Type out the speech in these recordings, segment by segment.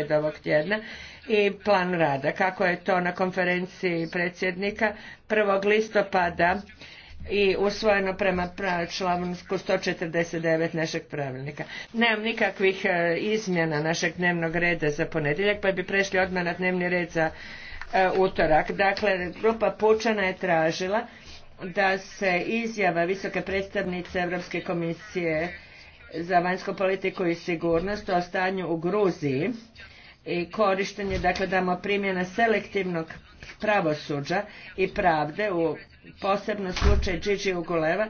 od ovog tjedna i plan rada kako je to na konferenciji predsjednika 1. listopada i usvojeno prema članku 149 našeg pravilnika. Nemam nikakvih e, izmjena našeg dnevnog reda za ponedjeljak pa bi prešli odmah na dnevni red za e, utorak. Dakle, grupa Pučana je tražila da se izjava visoke predstavnice Europske komisije za vanjsku politiku i sigurnost o stanju u Gruziji i korištenje, dakle damo primjena selektivnog pravosuđa i pravde u posebno slučaj Gigi Uguleva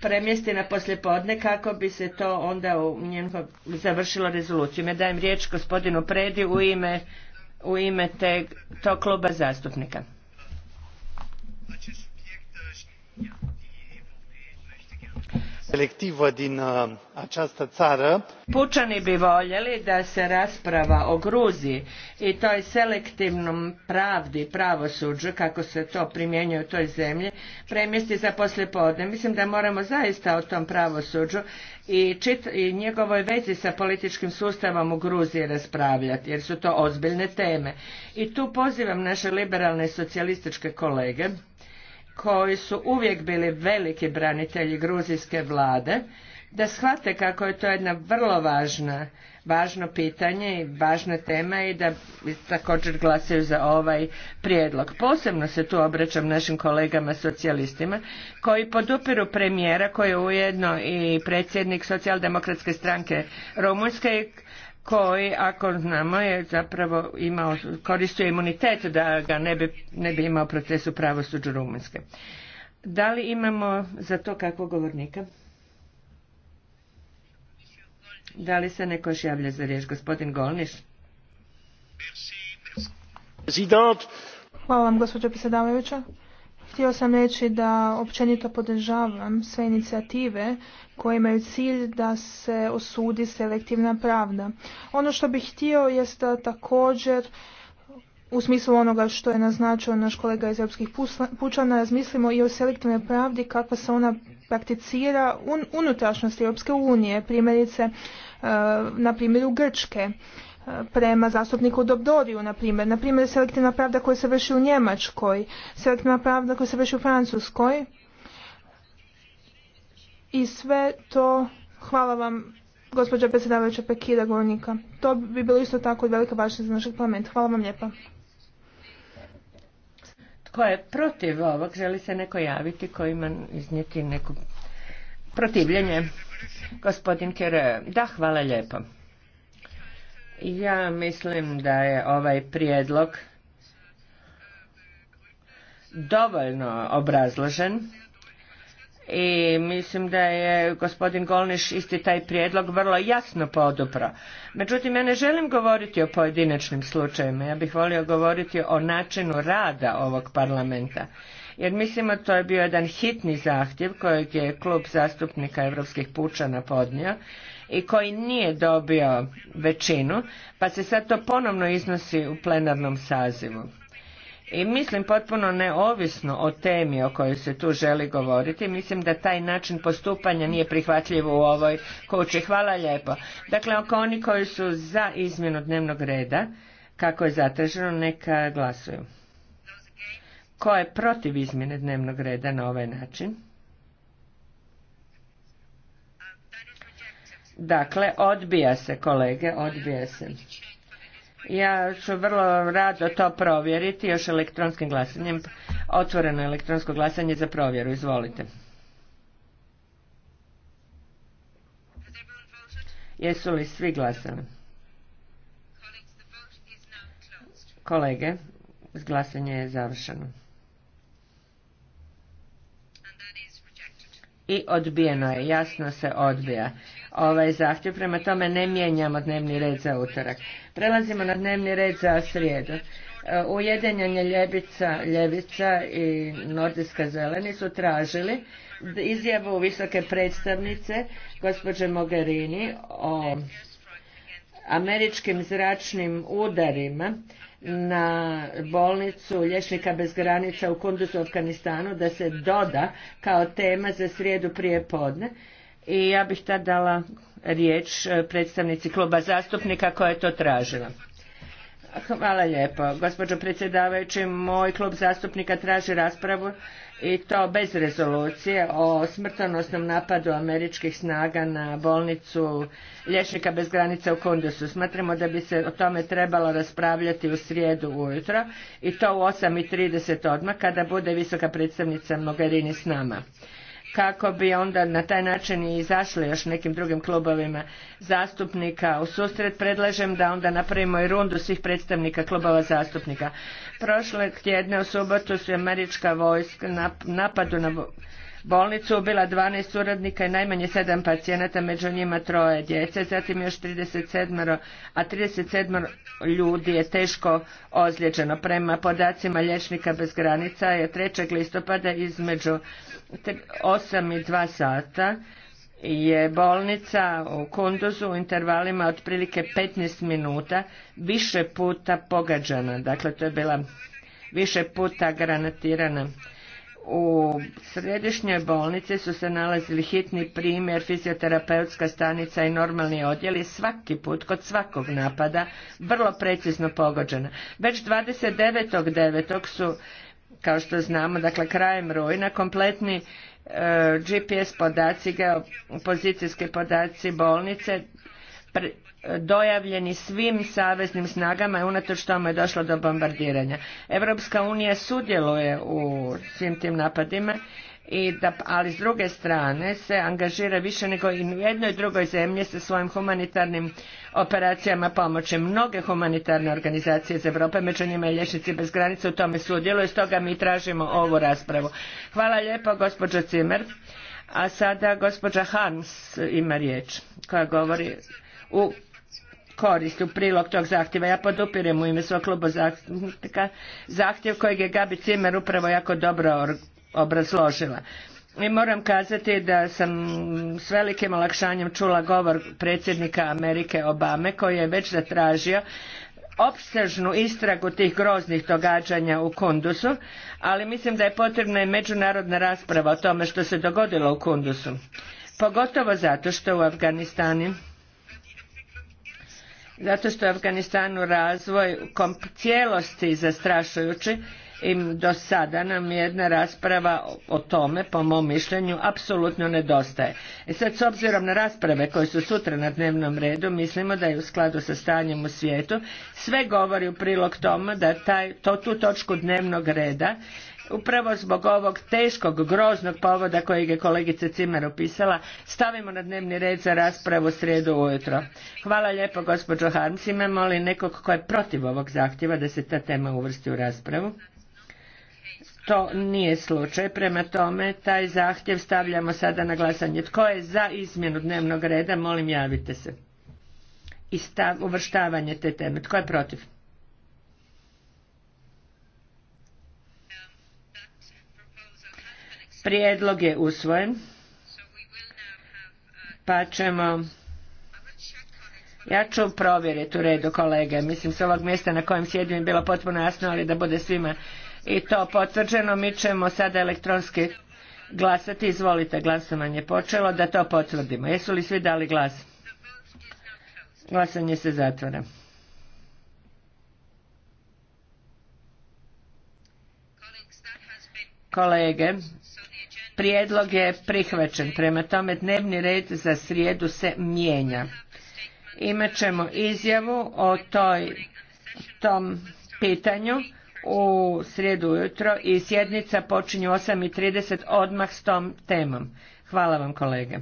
premijesti na poslijepodne kako bi se to onda u njeno završilo rezoluciju. Me dajem riječ gospodinu Predi u ime, u ime tog kluba zastupnika selectivă din uh, această țară. Pučani bi voljeli da se rasprava o Gruziji i toj selektivnom pravdi pravosuđu, kako se to primjenjuje u toj zemlji, premjesti za poslijepodne. Mislim da moramo zaista o tom pravosuđu i, i njegovoj vezi sa političkim sustavom u Gruziji raspravljati, jer su to ozbiljne teme. I tu pozivam naše liberalne socijalističke kolege koji su uvijek bili veliki branitelji gruzijske vlade, da shvate kako je to jedna vrlo važna, važno pitanje i važna tema i da također glasaju za ovaj prijedlog. Posebno se tu obraćam našim kolegama socijalistima koji podupiru premijera koji je ujedno i predsjednik socijaldemokratske stranke Rumunjske koji, ako znamo, je zapravo imao, koristio imunitet da ga ne bi, ne bi imao procesu pravosuđu Rumunjske. Da li imamo za to kakvog govornika? Da li se neko još javlja za riječ? Gospodin Golniš? Hvala vam, gospođo predsjedavajuća. Htio sam reći da općenito podržavam sve inicijative koje imaju cilj da se osudi selektivna pravda. Ono što bih htio jest da također u smislu onoga što je naznačio naš kolega iz Europskih pučana, razmislimo i o selektivnoj pravdi kakva se ona prakticira unutrašnjosti Europske unije, primjerice eh, na primjeru Grčke prema zastupniku Dobdoriju, na primjer. Na primjer, selektivna pravda koja se vrši u Njemačkoj, selektivna pravda koja se vrši u Francuskoj. I sve to, hvala vam, gospođa predsjedavajuća Pekira Govornika. To bi bilo isto tako od velika za naš parlament. Hvala vam lijepa. Tko je protiv ovog? Želi se neko javiti koji ima iznijeti neko protivljenje? Gospodin Kere, da, hvala lijepo. Ja mislim da je ovaj prijedlog dovoljno obrazložen i mislim da je gospodin Golniš isti taj prijedlog vrlo jasno podupro. Međutim, ja ne želim govoriti o pojedinačnim slučajevima, ja bih volio govoriti o načinu rada ovog parlamenta. Jer mislimo to je bio jedan hitni zahtjev kojeg je klub zastupnika Europskih pučana podnio i koji nije dobio većinu, pa se sad to ponovno iznosi u plenarnom sazivu. I mislim potpuno neovisno o temi o kojoj se tu želi govoriti, mislim da taj način postupanja nije prihvatljiv u ovoj kući. Hvala lijepo. Dakle, ako oni koji su za izmjenu dnevnog reda, kako je zatraženo, neka glasuju. Ko je protiv izmjene dnevnog reda na ovaj način? Dakle, odbija se kolege, odbija se. Ja ću vrlo rado to provjeriti još elektronskim glasanjem. Otvoreno elektronsko glasanje za provjeru, izvolite. Jesu li svi glasali? Kolege, glasanje je završeno. I odbijeno je, jasno se odbija ovaj zahtjev, prema tome ne mijenjamo dnevni red za utorak. Prelazimo na dnevni red za srijedu. E, Ujedinjenje Ljevica, Ljevica i Nordijska zeleni su tražili izjavu visoke predstavnice gospođe Mogherini o američkim zračnim udarima na bolnicu Lješnika bez granica u Kunduzu, Afganistanu, da se doda kao tema za srijedu prije podne i ja bih tad dala riječ e, predstavnici kluba zastupnika koja je to tražila. Hvala lijepo. Gospođo predsjedavajući, moj klub zastupnika traži raspravu i to bez rezolucije o smrtonosnom napadu američkih snaga na bolnicu Lješnika bez granica u Kundusu. Smatramo da bi se o tome trebalo raspravljati u srijedu ujutro i to u 8.30 odmah kada bude visoka predstavnica Mogherini s nama kako bi onda na taj način i izašli još nekim drugim klubovima zastupnika u susret predlažem da onda napravimo i rundu svih predstavnika klubova zastupnika Prošle tjedne u subotu su američka vojska napadu na bolnicu ubila 12 suradnika i najmanje 7 pacijenata, među njima troje djece, zatim još 37, a 37 ljudi je teško ozlijeđeno. Prema podacima Lječnika bez granica je 3. listopada između 8 i 2 sata je bolnica u Kunduzu u intervalima otprilike 15 minuta više puta pogađana. Dakle, to je bila više puta granatirana. U središnjoj bolnici su se nalazili hitni primjer, fizioterapeutska stanica i normalni odjeli svaki put kod svakog napada vrlo precizno pogođena. Već 29.9. su kao što znamo, dakle krajem rujna, kompletni e, GPS podaci, pozicijske podaci bolnice dojavljeni svim saveznim snagama i unatoč tome je došlo do bombardiranja. Europska unija sudjeluje u svim tim napadima i da, ali s druge strane se angažira više nego i u jednoj drugoj zemlji sa svojim humanitarnim operacijama pomoći. Mnoge humanitarne organizacije iz Europe, među njima i Lješnici bez granice u tome sudjeluju, stoga mi tražimo ovu raspravu. Hvala lijepo gospođo Cimer. A sada gospođa Hans ima riječ koja govori u korist u prilog tog zahtjeva. Ja podupirem u ime svog kluba zastupnika zahtjev kojeg je Gabi Cimer upravo jako dobro obrazložila. I moram kazati da sam s velikim olakšanjem čula govor predsjednika Amerike Obame koji je već zatražio opsežnu istragu tih groznih događanja u Kundusu, ali mislim da je potrebna i međunarodna rasprava o tome što se dogodilo u Kundusu. Pogotovo zato što u Afganistanu zato što je u Afganistanu razvoj cijelosti zastrašujući i do sada nam jedna rasprava o tome, po mom mišljenju, apsolutno nedostaje. E sad, s obzirom na rasprave koje su sutra na dnevnom redu, mislimo da je u skladu sa stanjem u svijetu, sve govori u prilog tome da taj, to, tu točku dnevnog reda upravo zbog ovog teškog, groznog povoda kojeg je kolegica Cimer opisala, stavimo na dnevni red za raspravu srijedu ujutro. Hvala lijepo gospođo Harms. Imamo li nekog tko je protiv ovog zahtjeva da se ta tema uvrsti u raspravu? to nije slučaj. Prema tome, taj zahtjev stavljamo sada na glasanje. Tko je za izmjenu dnevnog reda? Molim, javite se. I stav, uvrštavanje te teme. Tko je protiv? Prijedlog je usvojen. Pa ćemo... Ja ću provjeriti u redu kolege. Mislim, s ovog mjesta na kojem sjedim je bilo potpuno jasno, ali da bude svima i to potvrđeno. Mi ćemo sada elektronski glasati. Izvolite, glasovanje počelo da to potvrdimo. Jesu li svi dali glas? Glasanje se zatvara. Kolege, prijedlog je prihvaćen. Prema tome dnevni red za srijedu se mijenja. Imat ćemo izjavu o toj, tom pitanju u srijedu ujutro i sjednica počinje u 8.30 odmah s tom temom. Hvala vam kolege.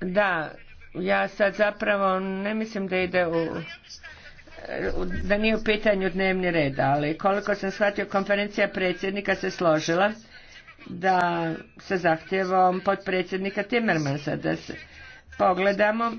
Da, ja sad zapravo ne mislim da ide u da nije u pitanju dnevni red, ali koliko sam shvatio konferencija predsjednika se složila da sa zahtjevom potpredsjednika Timmermansa da se pogledamo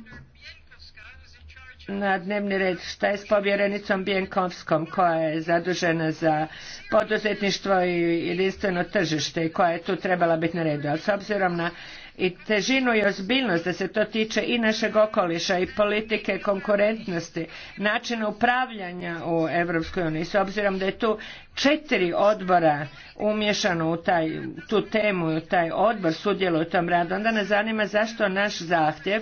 na dnevni red šta je s povjerenicom Bjenkovskom koja je zadužena za poduzetništvo i jedinstveno tržište i koja je tu trebala biti na redu. Ali s obzirom na i težinu i ozbiljnost da se to tiče i našeg okoliša i politike konkurentnosti, načina upravljanja u Europskoj uniji. S obzirom da je tu četiri odbora umješano u taj, tu temu, u taj odbor sudjeluje u tom radu, onda nas zanima zašto naš zahtjev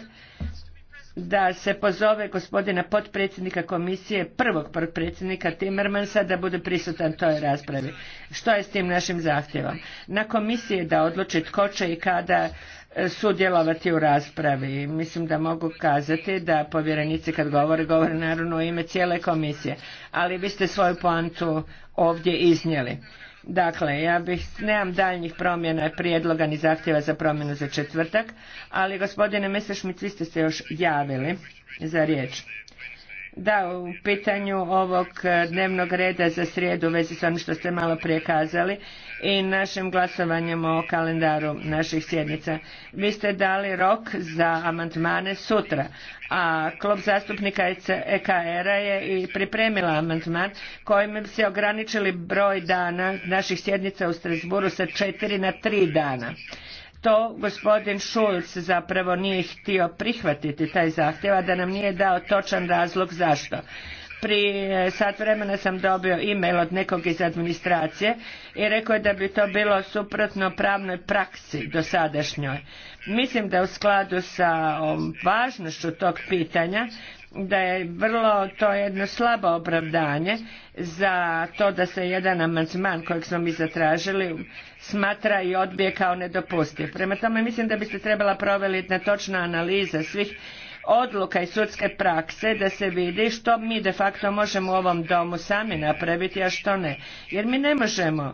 da se pozove gospodina potpredsjednika komisije, prvog potpredsjednika Timmermansa da bude prisutan toj raspravi. Što je s tim našim zahtjevom? Na komisiji da odluči tko će i kada e, sudjelovati u raspravi. Mislim da mogu kazati da povjerenici kad govore, govore naravno u ime cijele komisije, ali vi ste svoju poantu ovdje iznijeli. Dakle, ja bih, nemam daljnjih promjena, prijedloga ni zahtjeva za promjenu za četvrtak, ali gospodine messerschmidt vi ste se još javili za riječ. Da, u pitanju ovog e, dnevnog reda za srijedu u vezi s onim što ste malo prije kazali i našim glasovanjem o kalendaru naših sjednica. Vi ste dali rok za amandmane sutra, a klub zastupnika EKR-a e je i pripremila amandman kojim bi se ograničili broj dana naših sjednica u Strasburu sa četiri na tri dana to gospodin Schulz zapravo nije htio prihvatiti taj zahtjev, a da nam nije dao točan razlog zašto prije sat vremena sam dobio e-mail od nekog iz administracije i rekao je da bi to bilo suprotno pravnoj praksi dosadašnjoj. Mislim da u skladu sa važnošću tog pitanja da je vrlo to jedno slabo opravdanje za to da se jedan amandman kojeg smo mi zatražili smatra i odbije kao nedopustiv. Prema tome mislim da se trebala provjeriti na točna analiza svih odluka i sudske prakse da se vidi što mi de facto možemo u ovom domu sami napraviti, a što ne. Jer mi ne možemo,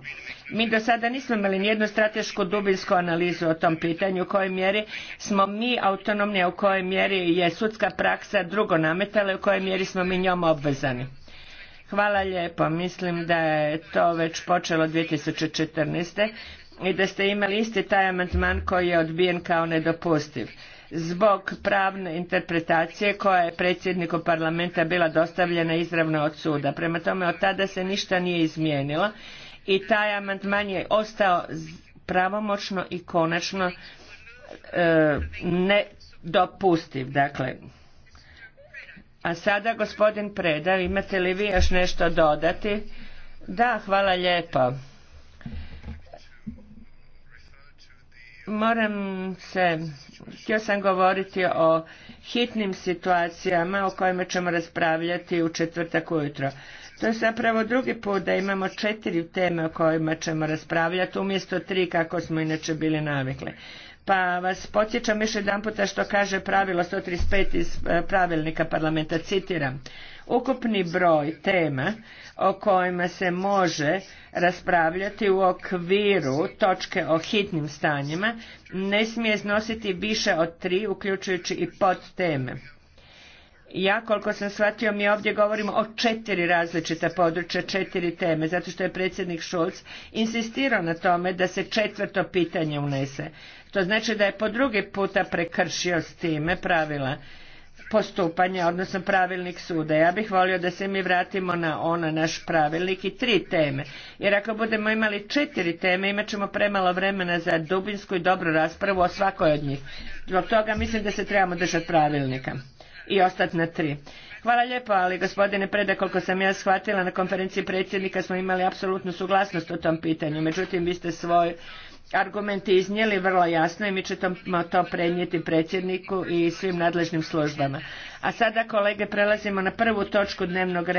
mi do sada nismo imali nijednu stratešku dubinsku analizu o tom pitanju u kojoj mjeri smo mi autonomni, a u kojoj mjeri je sudska praksa drugo nametala i u kojoj mjeri smo mi njom obvezani. Hvala lijepo. Mislim da je to već počelo 2014. i da ste imali isti taj amandman koji je odbijen kao nedopustiv zbog pravne interpretacije koja je predsjedniku parlamenta bila dostavljena izravno od suda. Prema tome od tada se ništa nije izmijenilo i taj amandman je ostao pravomoćno i konačno e, nedopustiv. Dakle, a sada gospodin Preda, imate li vi još nešto dodati? Da, hvala lijepo. Moram se, htio sam govoriti o hitnim situacijama o kojima ćemo raspravljati u četvrtak ujutro. To je zapravo drugi put da imamo četiri teme o kojima ćemo raspravljati umjesto tri kako smo inače bili navikli pa vas podsjećam još jedanput što kaže pravilo 135 iz e, pravilnika parlamenta, citiram. Ukupni broj tema o kojima se može raspravljati u okviru točke o hitnim stanjima ne smije iznositi više od tri, uključujući i podteme. Ja koliko sam shvatio mi ovdje govorimo o četiri različita područja, četiri teme, zato što je predsjednik Šulc insistirao na tome da se četvrto pitanje unese. To znači da je po drugi puta prekršio s time pravila postupanja, odnosno pravilnik suda. Ja bih volio da se mi vratimo na ono naš pravilnik i tri teme. Jer ako budemo imali četiri teme, imat ćemo premalo vremena za dubinsku i dobru raspravu o svakoj od njih. Zbog toga mislim da se trebamo držati pravilnika i ostati na tri. Hvala lijepo, ali gospodine Preda, koliko sam ja shvatila, na konferenciji predsjednika smo imali apsolutnu suglasnost o tom pitanju. Međutim, vi ste svoj argument iznijeli vrlo jasno i mi ćemo to prenijeti predsjedniku i svim nadležnim službama. A sada, kolege, prelazimo na prvu točku dnevnog